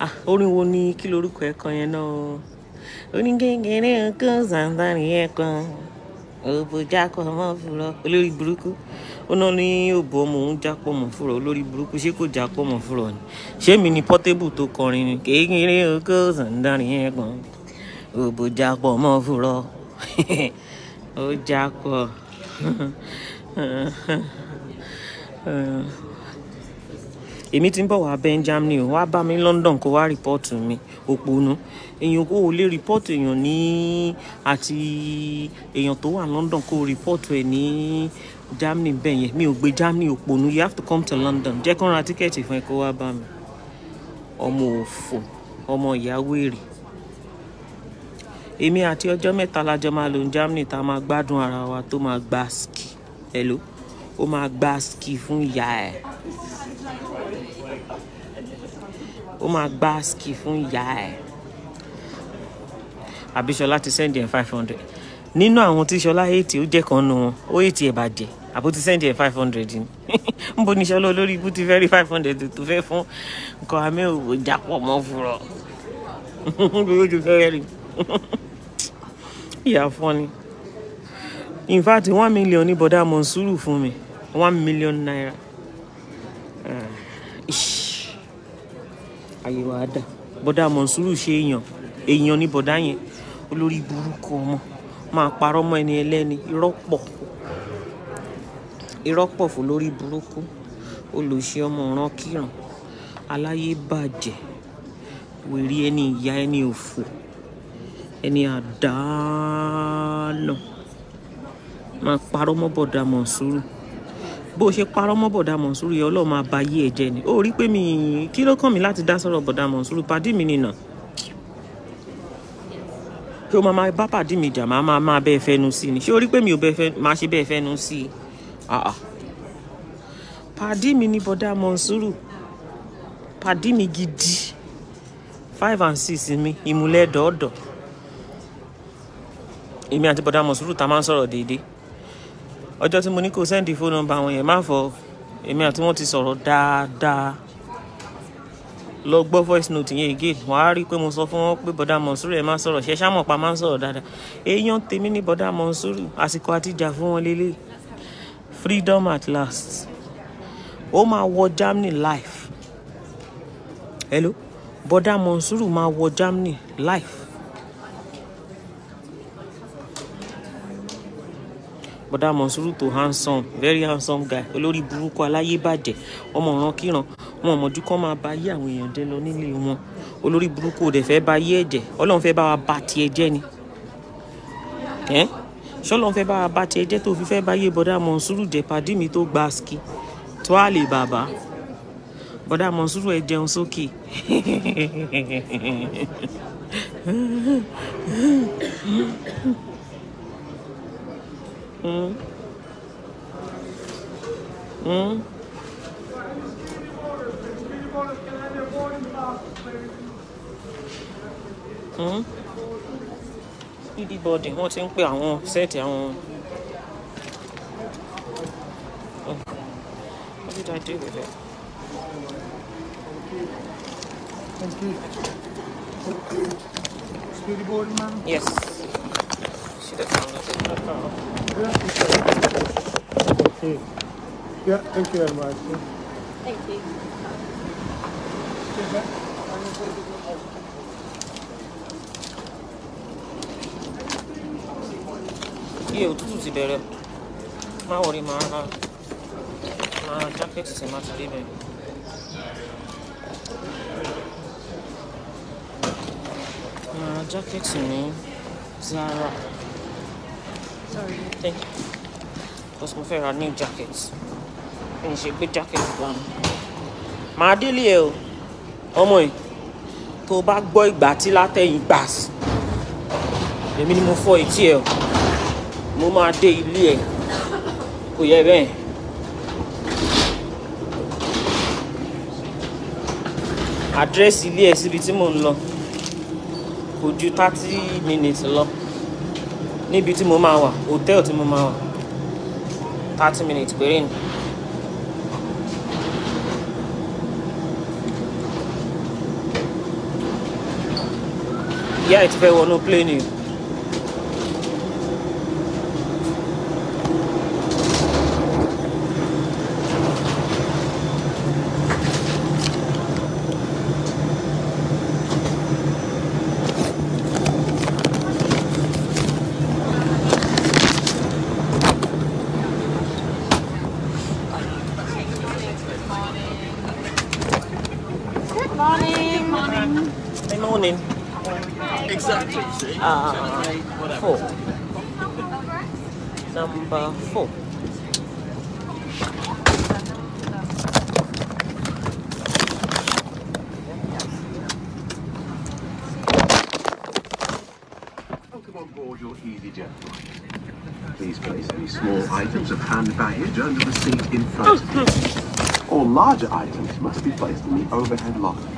ah orin wo ni kí lorúkọ ẹ kan yẹn náà onígègèrè nǹkan zandani ẹ kan òbò jákọ ọmọ fúnra olórí burúkú ó náà ní òbò ọmọ òun jápọ̀ mọ̀ fúnra olórí burúkú ṣé kò jápọ̀ mọ̀ fúnra ni ṣé mi ni Portable tó kọrin ni kékeré nǹkan zandani ẹ kan òbò jápọ̀ ọmọ fúnra ó jápọ̀. èmi ti ń bọ̀ wá benjamin wá bá mi london kó wá rìpọ́ọ̀tù mi òpònú èèyàn kò lè rìpọ́ọ̀tù èèyàn ní àti èèyàn tó wà london kó rìpọ́ọ̀tù ẹ̀ ní germany bẹ́ẹ̀ yẹn mi ò gbé germany òpònú you have to come to london jẹ́ kó ra tíkẹ́ẹ̀tì fún ẹ kó wá bá mi ọmọ òfò ọmọ ìyá wèrè èmi àti ọjọ́ mẹ́ta lájọ máa lò germany tá a máa gbádùn ara wa tó máa gba ski hello ó máa gba ski fún ìyá ẹ̀ ó máa gba ski fún ìyá ẹ̀ àbíṣọlá ti sẹ́ndì ẹ̀ five hundred nínú àwọn tí ṣọlá ètì ó jẹ́ kan nu wọn ó ètì ẹ̀ bàjẹ́ àbó ti sẹ́ndì ẹ̀ five hundred ni ń bo ní ṣọlá olórí ibú ti fẹ́ rí five hundred tó fẹ́ fún nǹkan amé òwò jápọ̀ mọ́ fúrọ̀ lórí ti fẹ́ rí ìyá fún ni in fact one million ní bọ́dá mọ̀nsúrù fún mi one million naira. Uh. ayé wa dà. bọ́dà mọ̀nsúrù ṣe èèyàn èèyàn ní bọ́dà yẹn olórí burúkú ọmọ máa parọ́ mọ́ ẹni ẹlẹ́ni irọ́ pọ̀ fún lórí burúkú olùṣe ọmọ ọ̀ràn kíran aláyé bàjẹ́ wèrè ẹni ìyá ẹni òfò ẹni àdáánà máa parọ́ bó ṣe parọ́ mọ́ bọ̀dá mọ̀nsúrù yẹn ọlọ́run máa ba ayé ẹ̀ jẹ́ ni ó rí pé mi kí ló kàn mí láti dá sọ̀rọ̀ bọ̀dá mọ̀nsúrù pàdí mi nìna ṣé o máa máa bá pàdí mi jà máa máa máa bẹ́ẹ̀ fẹ́nu sí ni ṣé o rí pé mi ò máa ṣe bẹ́ẹ̀ fẹ́nu sí i pàdí mi ni bọ̀dá mọ̀nsúrù pàdí mi gidi five and six mi ìmúlẹ̀ dọ̀ọ̀dọ̀ èmi àti bọ̀dá mọ̀nsúrù ta máa ń sọ̀rọ̀ déédéé ọjọ́ tí mo ní kó sẹ́ndì fóònù nọ́mbà àwọn yẹn má fọ èmi àti wọn ti sọ̀rọ̀ dáadáa lọ gbọ́ voice note yẹn again wọ́n á rí i pé mo sọ fún wọn pé bọ́dà mọ̀nsúrì ẹ̀ máa sọ̀rọ̀ ṣe ṣámọ̀ pa máa ń sọ̀rọ̀ dáadáa èèyàn tèmi ní bọ́dà mọ̀nsúrì àsìkò àtijà fún wọn lélẹ̀ freedom at last ó máa wọ Germany life hello bọ́dà mọ̀nsúrì máa wọ Germany life bọ̀dá mọ̀nsúrù tó handsome very handsome guy olórí burúkú aláyébàjẹ́ ọmọ ọ̀ràn kíran wọn ọmọdú kọ́ máa ba ayé àwọn èèyàn jẹ́ lọ nílé wọn olórí burúkú ò dẹ̀ fẹ́ ba ayé ẹ̀jẹ̀ ọlọ́run fẹ́ bá wa ba tiẹ̀ jẹ́ ni ṣọlọ́run fẹ́ bá wa ba tiẹ̀ jẹ́ tó fi fẹ́ ba ayé bọ̀dá mọ̀nsúrù jẹ́ pàdí mi tó gba ski tó a lè bàbá bọ̀dá mọ̀nsúrù ẹ̀ jẹun sókè mm Mm. Mm. Mm. Speedy body. wọ́n ti ń pè àwọn sẹ́ẹ̀tì àwọn. Mm. What did I do with it? Thank you. Speedy boarding man? Yes. Okay. Yeah, thank you very much. Thank you. Iye òtútù ti bẹ̀rẹ̀. Má wọrí máa ha. Máa jákẹ́tì sí máa ti rí bẹ̀rẹ̀. Máa jákẹ́tì ní Zara anything because mo fẹ́ new jackets. mi ì ṣe jackets, jacket My daily, délé ẹ o ọmọ yìí tó o bá gbọ́ ìgbà tí látẹ̀yìn gbà sí èmi ni mo fọ etí ẹ o mo máa dé ilé ẹ ẹ̀ síbi tí mò ń lọ kò ju thirty minutes lọ níbi tí mo máa wà hòtẹ́ẹ̀lì tí mo máa wà thirty minutes péré ni. ìyá ẹ̀ ti fẹ́ wọnú plane yìí. uh, four. Number four. Please place any small items of hand baggage under the seat in front of you. All larger items must be placed in the overhead locker.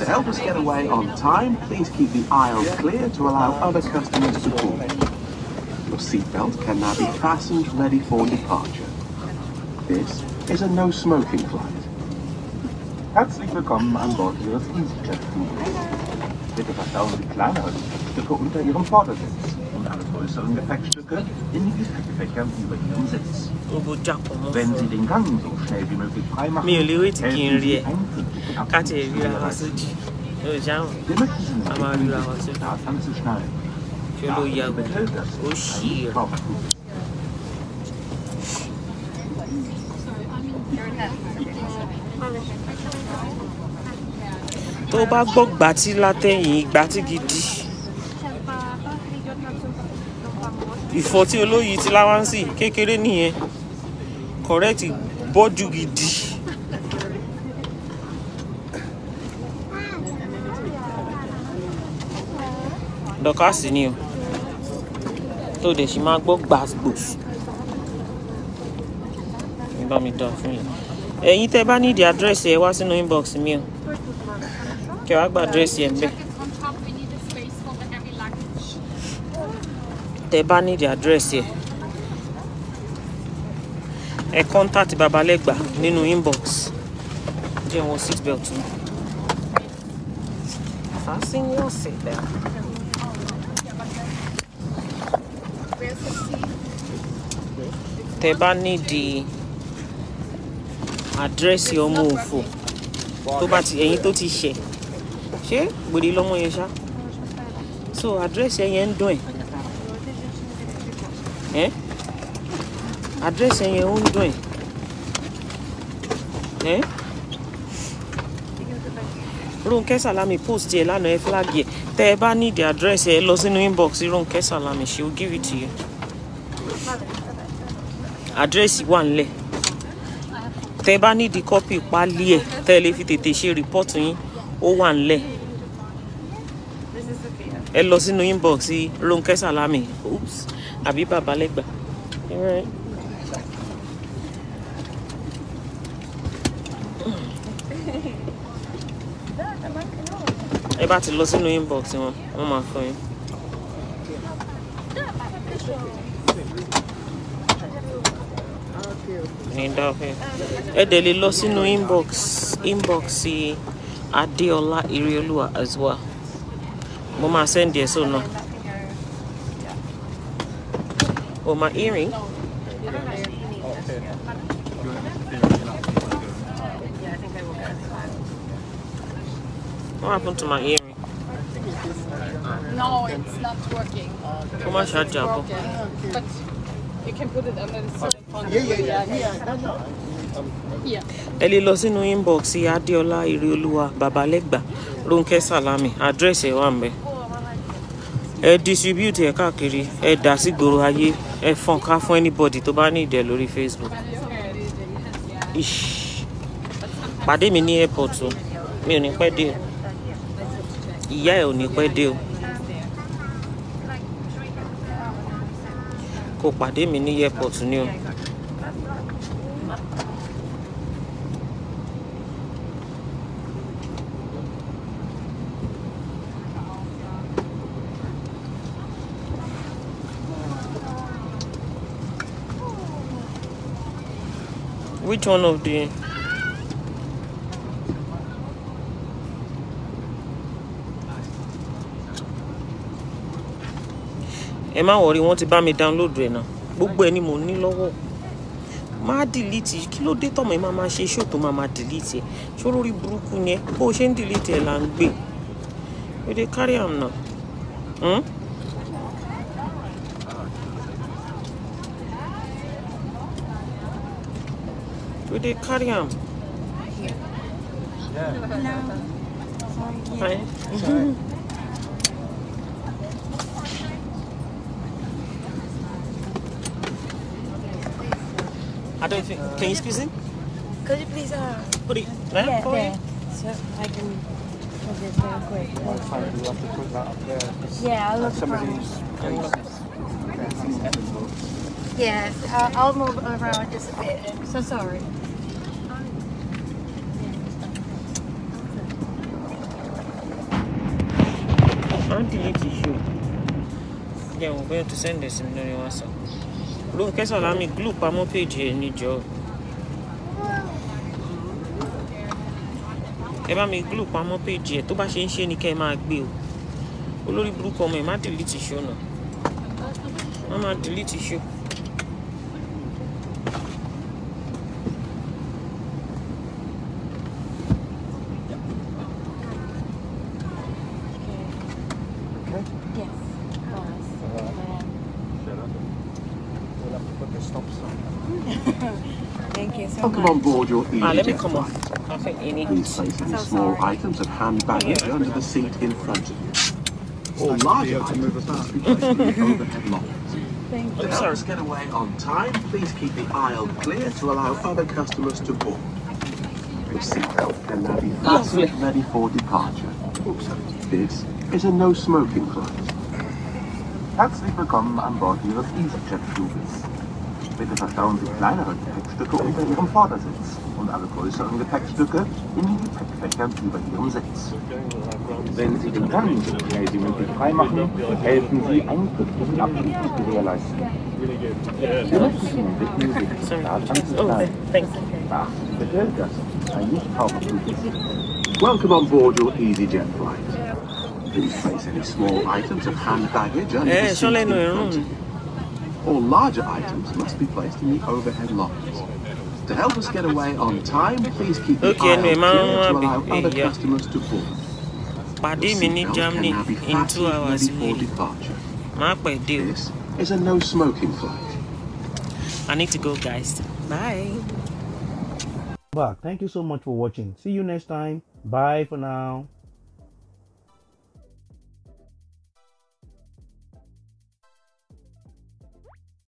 To help us get away on time, please keep the aisles clear to allow other customers to board. Your seatbelt can now be fastened ready for departure. This is a no-smoking flight. Herzlich willkommen an Bord Ihres easy Bitte verstauen Sie kleinere Stücke unter Ihrem Vordersitz und alle größeren Gepäckstücke in die Gepäckfächer über Ihrem Sitz. Wenn Sie den Gang so schnell wie möglich freimachen, helfen Sie ein káti ìríra wa sójú yóò jáwọn a máa ríra wa sójú ṣé ló yàgò ó ṣì rẹ. tó bá gbọ́ gbàtí látẹ̀yìn gbàtí gidi ìfọ̀ tí olóyìí ti láwáǹsì kékeré nìyẹn correct bọ́jú gidi. dọ́kásì ni o tó dẹ̀ sì máa gbọ́ gbàgbòs mi bá mi dán fún yín ẹ̀yin tẹ́ bá nídìí àdírẹ́sì ẹ wá sínú inbox mi o kẹ́ wá gba àdírẹ́sì ẹ̀ ń bẹ̀. tẹ́ bá nídìí àdírẹ́sì ẹ̀ ẹ kọ́ńtàtì babalẹ́gbà nínú inbox jẹ́ wọn six belt mi. fàá sí ní ọ̀sẹ̀ tẹ́ bá nídìí àdírẹ́sì ọmọ òfò tó bá ti ẹ̀yin tó ti ṣẹ̀ ṣé gbèrè lọ́mọ yẹn ṣá so àdírẹ́sì ẹ̀yẹn ń dùn ẹ̀ àdírẹ́sì ẹ̀yẹn ń dùn ẹ̀ Rónkẹ́ Sàlámì post ẹ̀ lánàá ẹ̀ flag ẹ̀ tẹ́ ẹ bá need address ẹ lọ sínú inbox Rónkẹ́ Sàlámì she will give it to you àdírẹ́sì wà ńlẹ̀ tẹ bá nídìí copy páálí ẹ̀ tẹ́ te lè fi tètè ṣe rìpọ́ọ̀tù yín ó wà ńlẹ̀ ẹ lọ sínú inbox Ronke Salami oops àbí Babalẹ́gbà. Right. ẹ bá ti lọ sínú inbox wọn wọn máa fún ní dáhùn ẹ dẹ̀ lè lọ sínú inbox inbox adéọlá ireolúwa as well mo máa send ẹ̀ sọ náà or my earring. What happened to my earring? No, it's not working. How much I But you can put it under the ẹ lè lọ sínú inbox adéọlá ireolúwa babalẹ́gbà rónkẹ́ sàlámì àdírẹ́sì ẹ̀ wà ẹ distribute ẹ káàkiri ẹ dà sí gbòòrò ayé ẹ fọ́n ká fún anybody tó bá ní ìdẹ lórí facebook pàdé mi ní airport o mi ò ní pẹ́ dé o ìyá ẹ̀ ò ní pẹ́ dé o kò pàdé mi ní airport ni o. Which one of the? ẹ má wọrí wọ́n ti bá mi download right now. gbogbo ẹ ni mo ní lọ́wọ́ má delete kí ló dé tọmọ ẹ má má ṣe ṣó tó má má delete ẹ ṣó lórí burúkú ni ẹ bó o ṣe ń delete ẹ là ń gbé o dey carry am now. Hmm? We did cut um, Yeah. No. I don't think. Can you squeeze in? Could you please uh, put it there yeah, for So I can put there. Yeah, I'll Yeah, I'll move around just a bit. so sorry. don't delete issue Yeah, we're going to send ẹ̀sìn mi lórí whatsapp Ronke Salami glue pamọ́ péjì ẹ̀ níjọ́ ẹ bá mi glue pamọ́ péjì ẹ̀ tó bá ṣe ń ṣe ni kẹ́ ẹ máa gbé o olórí burúkú ọmọ ẹ̀ má delete issue náà wọ́n máa delete issue. Welcome on board your EasyJet ah, let me come on. I think Amy. Please place any small sorry. items of hand baggage yeah. under the seat in front of you. Or oh, larger items must be placed in the overhead lockers. Thank you. To help us get away on time, please keep the aisle clear to allow other customers to board. Your seatbelt can now be fastened ready for departure. This is a no-smoking class. Herzlich willkommen an Bord Ihres EasyJet-Fluges. Bitte verstauen Sie kleinere Gepäckstücke unter ihrem Vordersitz und alle größeren Gepäckstücke in den Gepäckfächern über ihrem Sitz. Wenn Sie den Ganzen freimachen, helfen Sie, einen künftigen Abschied zu gewährleisten. Wir möchten bitten, sich staat anzukleiden. Beachten bitte, dass ein Nichtraucherflug ist. Welcome on board your EasyJet flight. Please place any small items of hand baggage under the eh, seat in front of you. All larger items must be placed in the overhead lockers. To help us get away on time, please keep your okay, eye to allow other yeah. customers to board. Pàdé mi ní Germany in two hours before departure. My This is a no smoking flight. I need to go guys. Bye. Back. Thank you so much for watching. See you next time. Bye for now.